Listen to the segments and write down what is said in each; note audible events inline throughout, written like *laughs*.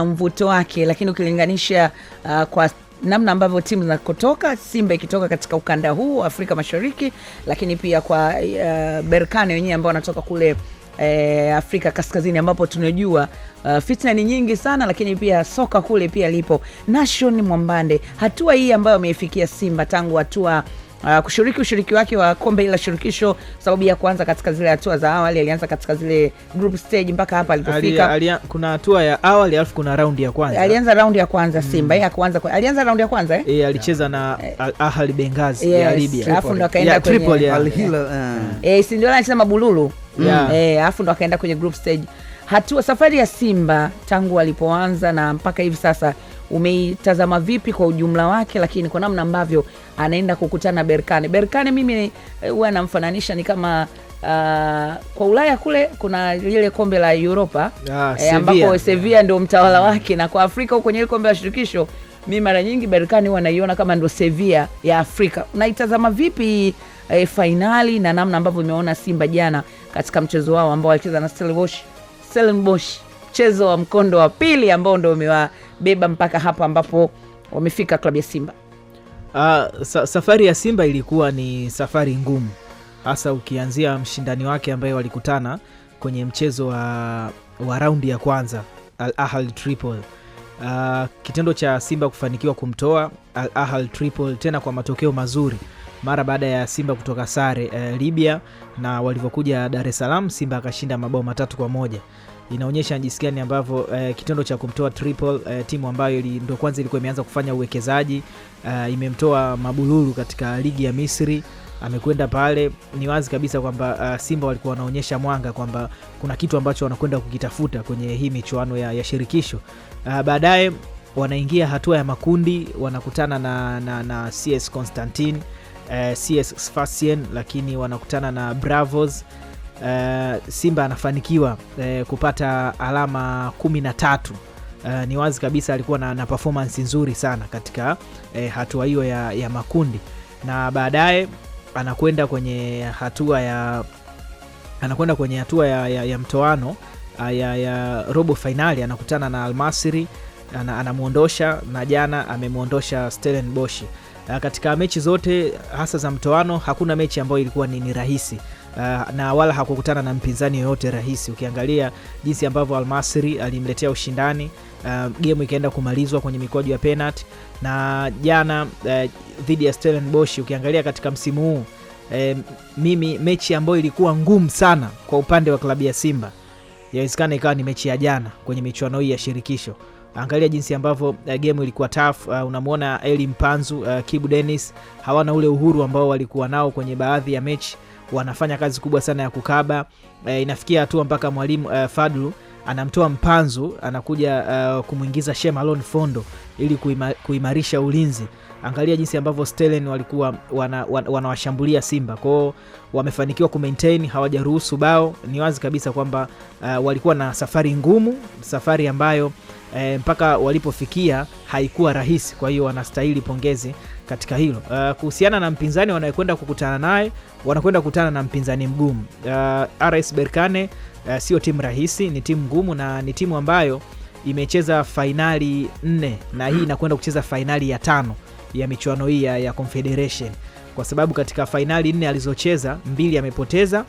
mvuto wake, lakini ukilinganisha uh, kwa namna ambavyo timu zinakotoka, Simba ikitoka katika ukanda huu Afrika Mashariki, lakini pia kwa uh, Berkane wenyewe ambao wanatoka kule E, Afrika Kaskazini ambapo tunajua uh, fitna ni nyingi sana, lakini pia soka kule pia lipo. Nation Mwambande, hatua hii ambayo ameifikia Simba tangu hatua uh, kushiriki ushiriki wake wa kombe la shirikisho, sababu ya kwanza katika zile hatua za awali alianza katika zile group stage mpaka hapa alipofika. kuna hatua ya awali alafu kuna raundi ya kwanza. Alianza raundi ya kwanza mm. Simba, yeye akaanza kwa alianza raundi ya kwanza eh? Eh, alicheza na eh. ahali Bengazi yes. ya Libya. Alafu ndo akaenda kwenye Al Hilal. Eh, eh si ndio anacheza mabululu. Mm. yeah. Eh, alafu ndo akaenda kwenye group stage. Hatua safari ya Simba tangu alipoanza na mpaka hivi sasa umeitazama vipi kwa ujumla wake, lakini kwa namna ambavyo anaenda kukutana Berkane. Berkane mimi eh, huwa anamfananisha ni kama Uh, kwa Ulaya kule kuna lile kombe la uropa ah, eh, ambapo Sevilla ndio mtawala wake, na kwa Afrika kwenye ile kombe la shirikisho, mi mara nyingi berkani huwa naiona kama ndo sevia ya Afrika. Unaitazama vipi e, eh, fainali na namna ambavyo imeona Simba jana katika mchezo wao ambao walicheza na Stellenbosch, mchezo wa mkondo wa pili ambao ndo umewa kuwabeba mpaka hapo ambapo wamefika klabu ya Simba? Uh, sa safari ya Simba ilikuwa ni safari ngumu, hasa ukianzia mshindani wake ambaye walikutana kwenye mchezo wa, wa raundi ya kwanza Al Ahly Tripoli. Uh, kitendo cha Simba kufanikiwa kumtoa Al Ahly Tripoli tena kwa matokeo mazuri mara baada ya Simba kutoka sare uh, Libya na walivyokuja Dar es Salaam Simba akashinda mabao matatu kwa moja inaonyesha jinsi gani ambavyo eh, kitendo cha kumtoa triple eh, timu ambayo ndio kwanza ilikuwa imeanza kufanya uwekezaji eh, imemtoa Mabululu katika ligi ya Misri amekwenda pale. Ni wazi kabisa kwamba uh, Simba walikuwa wanaonyesha mwanga kwamba kuna kitu ambacho wanakwenda kukitafuta kwenye hii michuano ya, ya shirikisho uh, baadaye wanaingia hatua ya makundi, wanakutana na, na, na CS Constantine, uh, eh, CS Sfaxien, lakini wanakutana na Bravos uh, Simba anafanikiwa uh, kupata alama kumi na tatu. Uh, ni wazi kabisa alikuwa na, na performance nzuri sana katika uh, hatua hiyo ya, ya makundi na baadaye anakwenda kwenye hatua ya anakwenda kwenye hatua ya, ya, ya mtoano ah, ya, ya robo fainali anakutana na Almasri anamwondosha na jana amemwondosha Stellenbosch. Ah, katika mechi zote hasa za mtoano hakuna mechi ambayo ilikuwa ni, ni rahisi. Eh, na wala hakukutana na mpinzani yoyote rahisi. Ukiangalia jinsi ambavyo Almasri alimletea ushindani uh, eh, gemu ikaenda kumalizwa kwenye mikwaju ya penalti, na jana eh, dhidi uh, ya Stellenbosch, ukiangalia katika msimu huu uh, mimi mechi ambayo ilikuwa ngumu sana kwa upande wa klabu ya Simba yawezekana ikawa ni mechi ya jana kwenye michuano hii ya shirikisho. Angalia jinsi ambavyo uh, gemu ilikuwa taf. Uh, unamwona Eli Mpanzu, uh, Kibu Dennis hawana ule uhuru ambao walikuwa nao kwenye baadhi ya mechi wanafanya kazi kubwa sana ya kukaba. E, inafikia hatua mpaka mwalimu e, Fadlu anamtoa Mpanzu anakuja uh, kumwingiza Shemalon Fondo ili kuima, kuimarisha ulinzi. Angalia jinsi ambavyo stelen walikuwa wanawashambulia wana, wana Simba kwao, wamefanikiwa kumaintain, hawajaruhusu bao. Ni wazi kabisa kwamba uh, walikuwa na safari ngumu, safari ambayo uh, mpaka walipofikia haikuwa rahisi. Kwa hiyo wanastahili pongezi katika hilo uh, kuhusiana na mpinzani wanayekwenda kukutana naye, wanakwenda kukutana na mpinzani mgumu uh, RS Berkane uh, sio timu rahisi, ni timu ngumu na ni timu ambayo imecheza fainali nne na hii inakwenda kucheza fainali ya tano ya michuano hii ya Confederation, kwa sababu katika fainali nne alizocheza mbili amepoteza,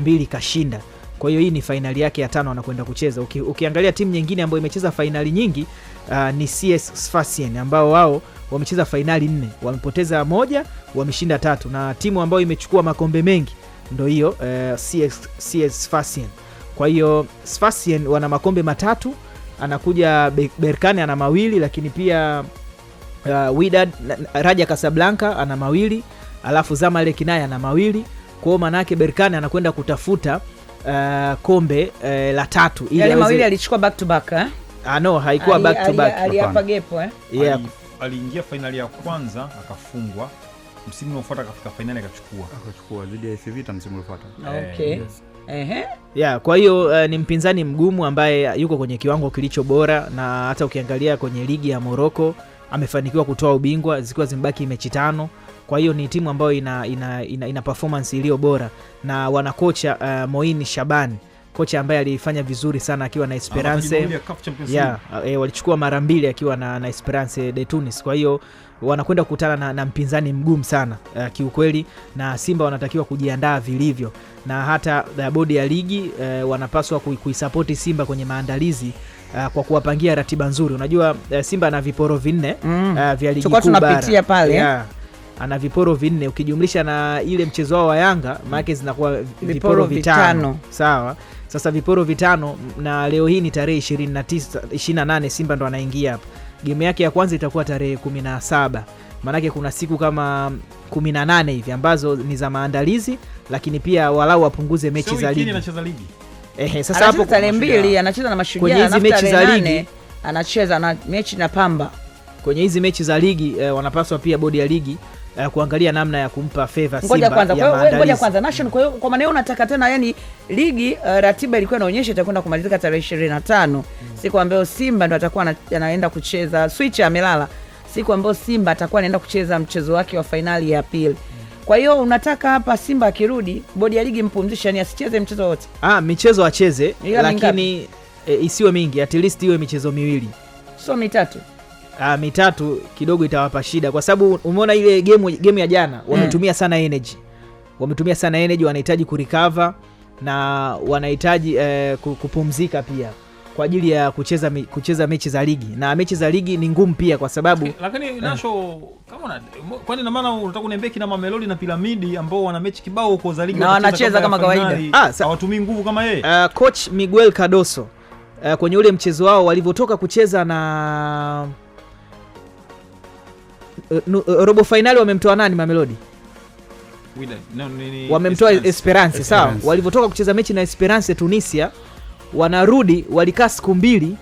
mbili kashinda. Kwa hiyo hii ni fainali yake ya tano anakwenda kucheza. Uki, ukiangalia timu nyingine ambayo imecheza fainali nyingi uh, ni CS Sfaxien ambao wao wamecheza fainali nne, wamepoteza moja, wameshinda tatu, na timu ambayo imechukua makombe mengi ndo hiyo uh, CS, Kwa hiyo Sfaxien wana makombe matatu, anakuja Berkane ana mawili, lakini pia uh, eh, widad Raja kasablanka ana mawili, alafu Zamalek naye ana mawili. kwao maanaake berkani Berkane anakwenda kutafuta uh, kombe uh, la tatu, ili mawili alichukua back to back eh? Ah, no haikuwa back to back aliingia fainali ya kwanza akafungwa, msimu unaofuata akafika fainali akachukua akachukua dhidi ya Vita msimu uliofuata. Ah, eh, okay. Yes. Ehe. Yeah, kwa hiyo uh, ni mpinzani mgumu ambaye yuko kwenye kiwango kilicho bora, na hata ukiangalia kwenye ligi ya Moroko amefanikiwa kutoa ubingwa zikiwa zimebaki mechi tano. Kwa hiyo ni timu ambayo ina, ina, ina, ina performance iliyo bora na wanakocha uh, Moin Shaban kocha ambaye alifanya vizuri sana akiwa na ah, Esperance yeah, e, walichukua mara mbili akiwa na, na Esperance de Tunis. Kwa hiyo wanakwenda kukutana na, na mpinzani mgumu sana uh, kiukweli, na Simba wanatakiwa kujiandaa vilivyo, na hata eh, bodi ya ligi uh, wanapaswa kuisapoti Simba kwenye maandalizi Uh, kwa kuwapangia ratiba nzuri. Unajua uh, Simba na viporo vinne mm. uh, vya ligi kuu bara tunapitia pale yeah ana viporo vinne ukijumlisha na ile mchezo wao wa Yanga maanake zinakuwa viporo, viporo vitano. vitano sawa. Sasa viporo vitano, na leo hii ni tarehe 29 28, Simba ndo anaingia hapa. gemu yake ya kwanza itakuwa tarehe 17, maanake kuna siku kama 18 hivi ambazo ni za maandalizi, lakini pia walau wapunguze mechi za ligi. Ehe, sasa hapo tarehe mbili anacheza na Mashujaa kwenye hizi mechi za ligi, anacheza na mechi na Pamba kwenye hizi mechi za ligi eh, wanapaswa pia bodi ya ligi uh, kuangalia namna ya kumpa favor Simba. ya maandalizi. ngoja kwanza Nation. Kwa hiyo kwa maana unataka tena, yani ligi uh, ratiba ilikuwa inaonyesha itakwenda kumalizika tarehe 25 mm. siku ambayo Simba ndo atakuwa anaenda kucheza switch, amelala siku ambayo Simba atakuwa anaenda kucheza mchezo wake wa fainali ya pili mm. kwa hiyo unataka hapa Simba akirudi, bodi ya ligi mpumzishe, yani asicheze mchezo wote. Ah, michezo acheze, lakini e, isiwe mingi, at least iwe michezo miwili, so mitatu uh, mitatu kidogo itawapa shida, kwa sababu umeona ile game, game ya jana mm. wametumia sana energy, wametumia sana energy, wanahitaji kurecover na wanahitaji eh, kupumzika pia kwa ajili ya kucheza, kucheza mechi za ligi na mechi za ligi ni ngumu pia, kwa sababu eh, lakini eh. Nasho, kama na kwani na maana unataka kuniambia kina Mamelodi na Piramidi ambao wana mechi kibao huko za ligi na wanacheza kama kawaida, ah, hawatumii nguvu kama yeye. Uh, coach Miguel Cardoso uh, kwenye ule mchezo wao walivyotoka kucheza na uh, robo fainali wamemtoa nani Mamelodi? No, wamemtoa Esperance, sawa. Walivyotoka kucheza mechi na Esperance Tunisia, wanarudi walikaa siku mbili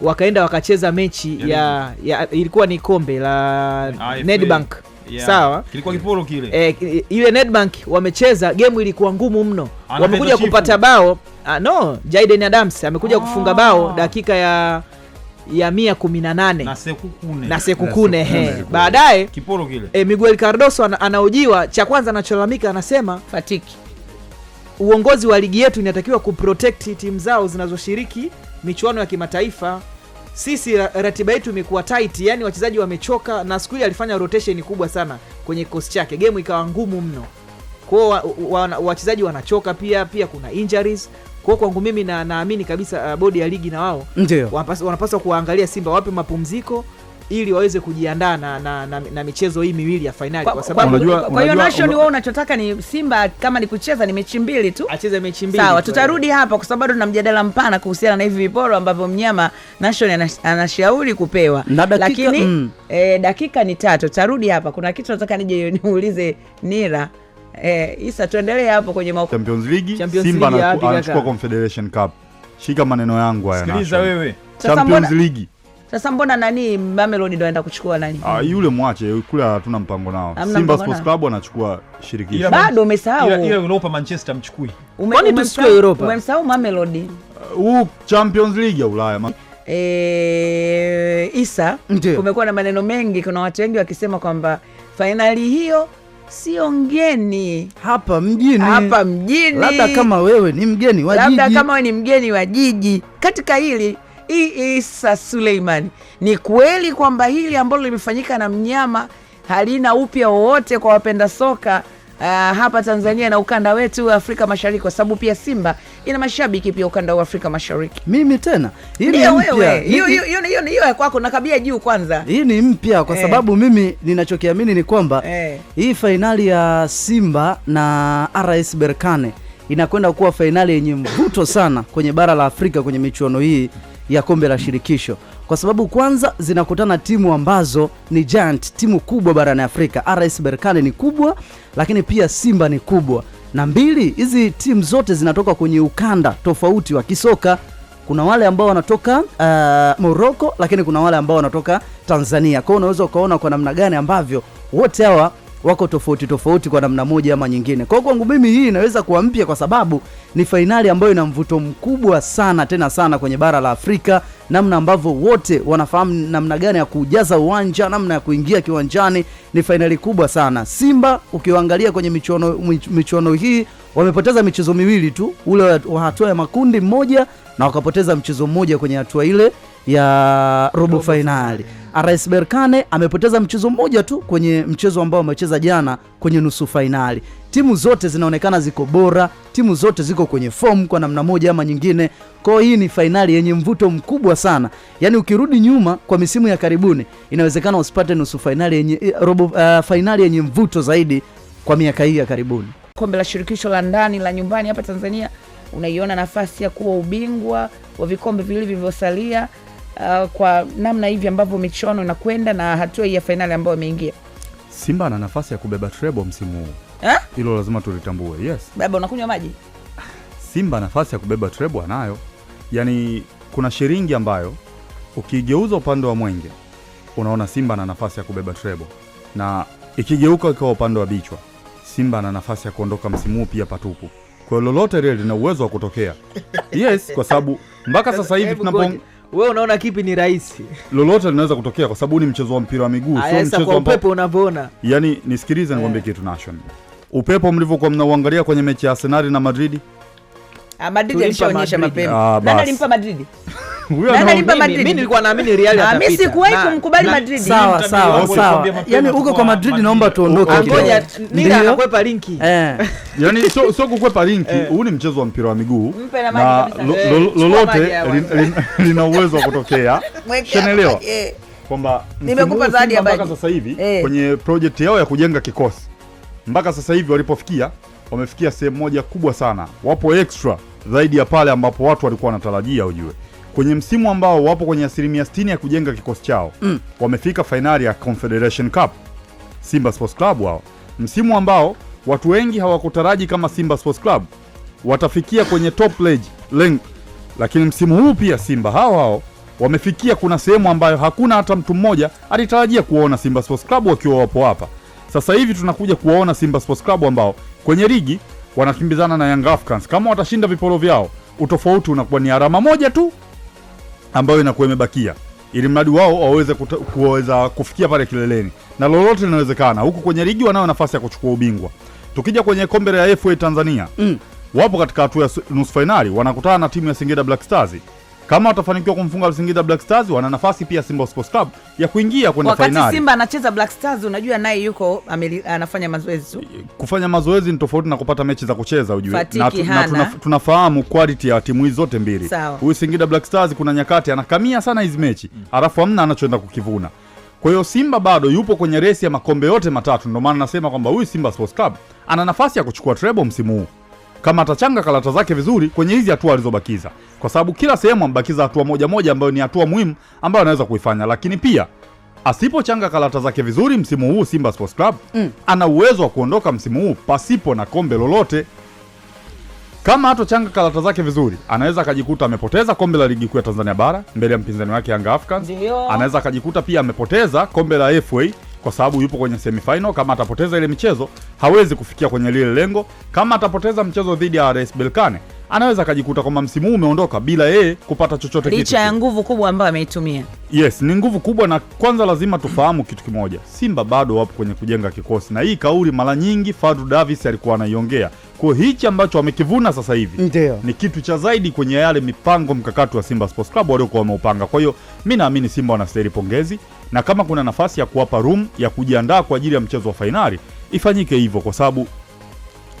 wakaenda wakacheza mechi ya, ya, ya ilikuwa ni kombe la ah, Nedbank yeah. Sawa, kilikuwa kiporo kile eh, ile Nedbank wamecheza gemu ilikuwa ngumu mno, wamekuja kupata bao ah, no jaiden Adams amekuja ah, kufunga bao dakika ya ya mia kumi na nane na Sekukune. Baadaye e, Miguel Cardoso an, anaojiwa, cha kwanza anacholalamika anasema fatiki uongozi wa ligi yetu inatakiwa kuprotect timu zao zinazoshiriki michuano ya kimataifa. Sisi ratiba yetu imekuwa tight, yani wachezaji wamechoka, na siku hili alifanya rotation kubwa sana kwenye kikosi chake, gemu ikawa ngumu mno kwao, wachezaji wa, wa, wa, wachezaji wanachoka pia, pia kuna injuries kwao kwangu mimi na naamini kabisa uh, bodi ya ligi na wao wanapaswa kuwaangalia Simba wape mapumziko ili waweze kujiandaa na, na, na, na michezo hii miwili ya fainali kwa sababu kwa hiyo nation wewe unachotaka ni Simba kama ni kucheza ni mechi mbili tu acheze mechi mbili. Sawa, tutarudi hapa kwa sababu bado tuna mjadala mpana kuhusiana na hivi viporo ambavyo mnyama nation anashauri kupewa dakika, lakini mm. e, dakika ni tatu tutarudi hapa kuna kitu nataka nije niulize Nira Eh, Isa tuendelee hapo kwenye mauko. Champions League Champions Simba League anaku, anachukua Confederation Cup. Shika maneno yangu haya. Sikiliza wewe. Champions League. Sasa mbona nani Mamelodi ndo anaenda kuchukua nani? Ah, yule mwache kule, hatuna mpango nao. Simba Sports Club anachukua shirikisho. Bado umesahau. Ile Europa Manchester mchukui. Kwani tusikie Europa? Umemsahau Mamelodi. Huu uh, uh, Champions League ya Ulaya. Eh, Isa, kumekuwa na maneno mengi, kuna watu wengi wakisema kwamba fainali hiyo sio ngeni hapa mjini, hapa mjini. Labda kama wewe ni mgeni wa jiji, labda kama wewe ni mgeni wa jiji katika hili hii e. Isa suleiman ni kweli kwamba hili ambalo limefanyika na mnyama halina upya wowote kwa wapenda soka uh, hapa Tanzania na ukanda wetu Afrika Mashariki, kwa sababu pia Simba ina mashabiki pia ukanda wa Afrika Mashariki. Mimi tena hii ni mpya, hiyo hiyo ya kwako, nakabia juu kwanza. Hii ni mpya kwa eh. sababu mimi ninachokiamini ni kwamba eh. hii fainali ya Simba na RS Berkane inakwenda kuwa fainali yenye mvuto sana kwenye bara la Afrika kwenye michuano hii ya kombe la shirikisho kwa sababu kwanza zinakutana timu ambazo ni giant, timu kubwa barani Afrika. RS Berkane ni kubwa, lakini pia Simba ni kubwa na mbili, hizi timu zote zinatoka kwenye ukanda tofauti wa kisoka. Kuna wale ambao wanatoka uh, Morocco, lakini kuna wale ambao wanatoka Tanzania. Kwa hiyo unaweza ukaona kwa namna gani ambavyo wote hawa wako tofauti tofauti kwa namna moja ama nyingine. Kwa kwangu mimi hii inaweza kuwa mpya kwa sababu ni fainali ambayo ina mvuto mkubwa sana tena sana kwenye bara la Afrika, namna ambavyo wote wanafahamu namna gani ya kujaza uwanja, namna ya kuingia kiwanjani. Ni fainali kubwa sana. Simba ukiwaangalia kwenye michuano, michuano hii wamepoteza michezo miwili tu, ule wa hatua ya makundi mmoja na wakapoteza mchezo mmoja kwenye hatua ile ya robo fainali. Ah, RS Berkane amepoteza mchezo mmoja tu kwenye mchezo ambao amecheza jana kwenye nusu fainali. Timu zote zinaonekana ziko bora, timu zote ziko kwenye fomu kwa namna moja ama nyingine. Kwa hii ni fainali yenye mvuto mkubwa sana, yaani ukirudi nyuma kwa misimu ya karibuni, inawezekana usipate nusu fainali yenye eh, robo, uh, ah, fainali yenye mvuto zaidi kwa miaka hii ya karibuni. Kombe la shirikisho la ndani la nyumbani hapa Tanzania, unaiona nafasi ya kuwa ubingwa wa vikombe vile vilivyosalia uh, kwa namna hivi ambavyo michuano inakwenda na hatua hii ya fainali ambayo ameingia. Simba ana nafasi ya kubeba trebo msimu huu, eh? hilo lazima tulitambue. Yes baba, unakunywa maji. Simba nafasi ya kubeba trebo anayo, yaani kuna shiringi ambayo ukigeuza upande wa mwenge unaona Simba ana nafasi ya kubeba trebo, na ikigeuka ikawa upande wa bichwa, Simba ana nafasi ya kuondoka msimu huu pia patupu. kwayo lolote lile lina uwezo wa kutokea, *laughs* yes, kwa sababu mpaka sasa hivi tunapo wewe unaona kipi ni rahisi? Lolote linaweza kutokea kwa sababu ni mchezo wa mpira wa miguu, sio mchezo upepo unavyoona. Yaani nisikilize, nikwambie yeah, kitu nation, upepo mlivyokuwa mnauangalia kwenye mechi ya Arsenal na Madrid Ah, Madrid alishaonyesha mapema. Ah, Nani alimpa Madrid? *laughs* Mimi ah, sikuwahi kumkubali Madrid. Sawa sawa sawa. Yaani uko kwa Madrid naomba tuondoke Ngoja linki. Eh. Yaani sio sio kukwepa linki. Eh. Huu ni mchezo wa mpira wa miguu. na eh, Lolote lina uwezo wa kutokea. Unaelewa? Eh. Kwamba nimekupa zawadi ya mpaka sasa hivi kwenye project yao ya kujenga kikosi. Mpaka sasa hivi walipofikia wamefikia sehemu moja kubwa sana. Wapo extra zaidi ya pale ambapo watu walikuwa wanatarajia ujue kwenye msimu ambao wapo kwenye asilimia 60 ya kujenga kikosi chao mm. wamefika fainali ya Confederation Cup Simba Sports Club wao, msimu ambao watu wengi hawakutaraji kama Simba Sports Club watafikia kwenye top league leng lakini msimu huu pia Simba hao hao wamefikia, kuna sehemu ambayo hakuna hata mtu mmoja alitarajia kuwaona Simba Sports Club wakiwa wapo hapa. Sasa hivi tunakuja kuwaona Simba Sports Club ambao kwenye ligi wanakimbizana na Young Africans. Kama watashinda viporo vyao, utofauti unakuwa ni alama moja tu ambayo inakuwa imebakia, ili mradi wao waweze kuweza kufikia pale kileleni, na lolote linawezekana. Huku kwenye ligi wanayo nafasi ya kuchukua ubingwa. Tukija kwenye kombe la FA Tanzania mm. wapo katika hatua ya nusu fainali, wanakutana na timu ya Singida Black Stars kama watafanikiwa kumfunga Singida Black Stars, wana nafasi pia Simba Sports Club ya kuingia kwenda finali. Wakati Simba anacheza Black Stars, unajua naye yuko ameli, anafanya mazoezi tu. Kufanya mazoezi ni tofauti na kupata mechi za kucheza ujue. Na, tu, na tuna, tunafahamu quality ya timu hizi zote mbili. Huyu Singida Black Stars kuna nyakati anakamia sana hizi mechi, alafu amna anachoenda kukivuna. Kwa hiyo Simba bado yupo kwenye resi ya makombe yote matatu, ndio maana nasema kwamba huyu Simba Sports Club ana nafasi ya kuchukua treble msimu huu kama atachanga karata zake vizuri kwenye hizi hatua alizobakiza, kwa sababu kila sehemu amebakiza hatua moja moja ambayo ni hatua muhimu ambayo anaweza kuifanya, lakini pia asipochanga karata zake vizuri msimu huu Simba Sports Club mm. ana uwezo wa kuondoka msimu huu pasipo na kombe lolote. Kama hatochanga karata zake vizuri, anaweza akajikuta amepoteza kombe la ligi kuu ya Tanzania bara mbele ya mpinzani wake Yanga Africans. Anaweza akajikuta pia amepoteza kombe la FA kwa sababu yupo kwenye semifinal. Kama atapoteza ile michezo hawezi kufikia kwenye lile lengo. Kama atapoteza mchezo dhidi ya RS Belkane, anaweza akajikuta kwamba msimu huu umeondoka bila yeye kupata chochote, licha ya nguvu kubwa ambayo ameitumia. Yes, ni nguvu kubwa, na kwanza lazima tufahamu kitu kimoja, Simba bado wapo kwenye kujenga kikosi, na hii kauli mara nyingi Fadlu Davis alikuwa anaiongea. Kwa hichi ambacho wamekivuna sasa hivi Ndiyo. ni kitu cha zaidi kwenye yale mipango mkakati wa Simba Sports Club waliokuwa wameupanga. Kwa hiyo mi naamini Simba wanastahili pongezi na kama kuna nafasi ya kuwapa room ya kujiandaa kwa ajili ya mchezo wa fainali ifanyike hivyo, kwa sababu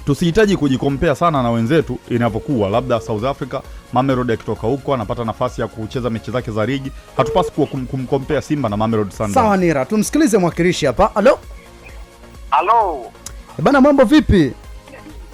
tusihitaji kujikompea sana na wenzetu inavyokuwa, labda South Africa Mamelodi akitoka huko anapata nafasi ya kucheza mechi zake za ligi, hatupasi kuwa kumkompea Simba na Mamelodi Sundowns. Sawa Nira, tumsikilize mwakilishi hapa. Halo, halo eh, bana, mambo vipi?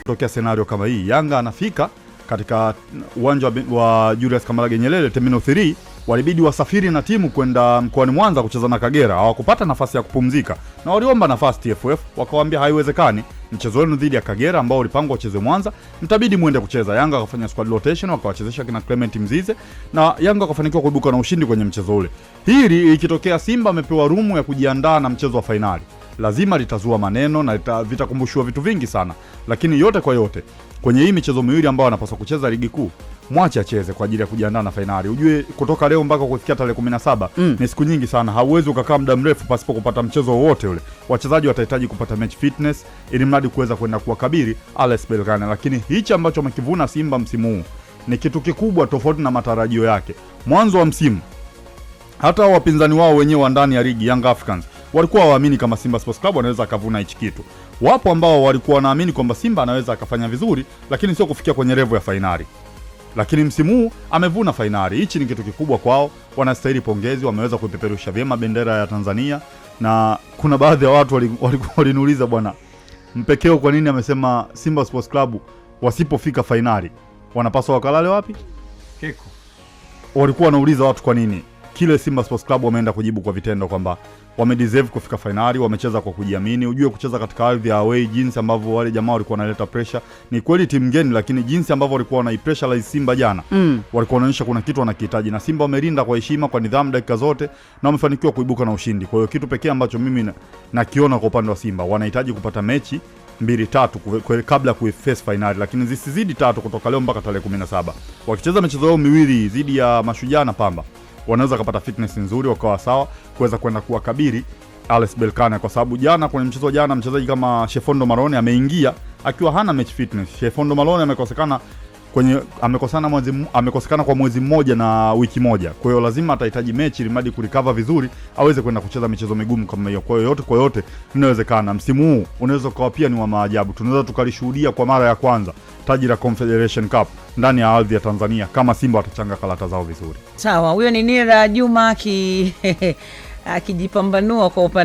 Tokea scenario kama hii, Yanga anafika katika uwanja wa Julius Kambarage Nyerere terminal 3 walibidi wasafiri na timu kwenda mkoani Mwanza kucheza na Kagera. Hawakupata nafasi ya kupumzika na waliomba nafasi TFF, wakawaambia haiwezekani, mchezo wenu dhidi ya Kagera ambao ulipangwa ucheze Mwanza, mtabidi mwende kucheza. Yanga wakafanya squad rotation, wakawachezesha kina Clement Mzize na Yanga wakafanikiwa kuibuka na ushindi kwenye mchezo ule. Hili ikitokea Simba amepewa rumu ya kujiandaa na mchezo wa fainali lazima litazua maneno na vitakumbushiwa vitu vingi sana, lakini yote kwa yote kwenye hii michezo miwili ambayo anapaswa kucheza ligi kuu mwache acheze kwa ajili ya kujiandaa na fainali. Ujue kutoka leo mpaka kufikia tarehe 17 mm. ni siku nyingi sana, hauwezi ukakaa muda mrefu pasipo kupata mchezo wowote ule. Wachezaji watahitaji kupata match fitness ili mradi kuweza kwenda kuwakabiri RS belgana lakini hichi ambacho amekivuna Simba msimu huu ni kitu kikubwa tofauti na matarajio yake mwanzo wa msimu. Hata wapinzani wao wenyewe wa ndani ya ligi Young Africans walikuwa waamini kama Simba Sports Club anaweza akavuna hichi kitu. Wapo ambao walikuwa wanaamini kwamba Simba anaweza akafanya vizuri, lakini sio kufikia kwenye revu ya fainali lakini msimu huu amevuna fainali. Hichi ni kitu kikubwa kwao, wanastahili pongezi. Wameweza kuipeperusha vyema bendera ya Tanzania, na kuna baadhi ya watu walikuwa waliniuliza, bwana Mpekeo, kwa nini amesema Simba Sports Club wasipofika fainali wanapaswa wakalale wapi? Keko, walikuwa wanauliza watu kwa nini kile Simba Sports Club wameenda kujibu kwa vitendo kwamba wamedeserve kufika fainali, wamecheza kwa kujiamini. Ujue kucheza katika ardhi ya away, jinsi ambavyo wale jamaa walikuwa wanaleta pressure. Ni kweli timu ngeni, lakini jinsi ambavyo walikuwa wanaipressurize Simba jana mm. walikuwa wanaonyesha kuna kitu wanakihitaji, na Simba wamelinda kwa heshima, kwa nidhamu dakika zote na wamefanikiwa kuibuka na ushindi. Kwa hiyo kitu pekee ambacho mimi nakiona na kwa upande wa Simba wanahitaji kupata mechi mbili tatu kwe, kabla ya kuface finali, lakini zisizidi tatu kutoka leo mpaka tarehe 17. Wakicheza michezo yao miwili dhidi ya Mashujaa na Pamba wanaweza wakapata fitness nzuri wakawa sawa kuweza kwenda kuwakabiri Alex Belkana, kwa sababu jana kwenye mchezo jana mchezaji kama Shefondo Marone ameingia akiwa hana match fitness. Shefondo Marone amekosekana kwenye amekosana mwezi, amekosekana kwa mwezi mmoja na wiki moja, kwa hiyo lazima atahitaji mechi ili mradi vizuri aweze kwenda kucheza michezo migumu kama hiyo. Kwa hiyo yote kwa yote inawezekana, msimu huu unaweza ukawa pia ni wa maajabu, tunaweza tukalishuhudia kwa mara ya kwanza taji la Confederation Cup ndani ya ardhi ya Tanzania kama Simba watachanga karata zao vizuri. Sawa, huyo ni Nira Juma *laughs* akijipambanua kwa upande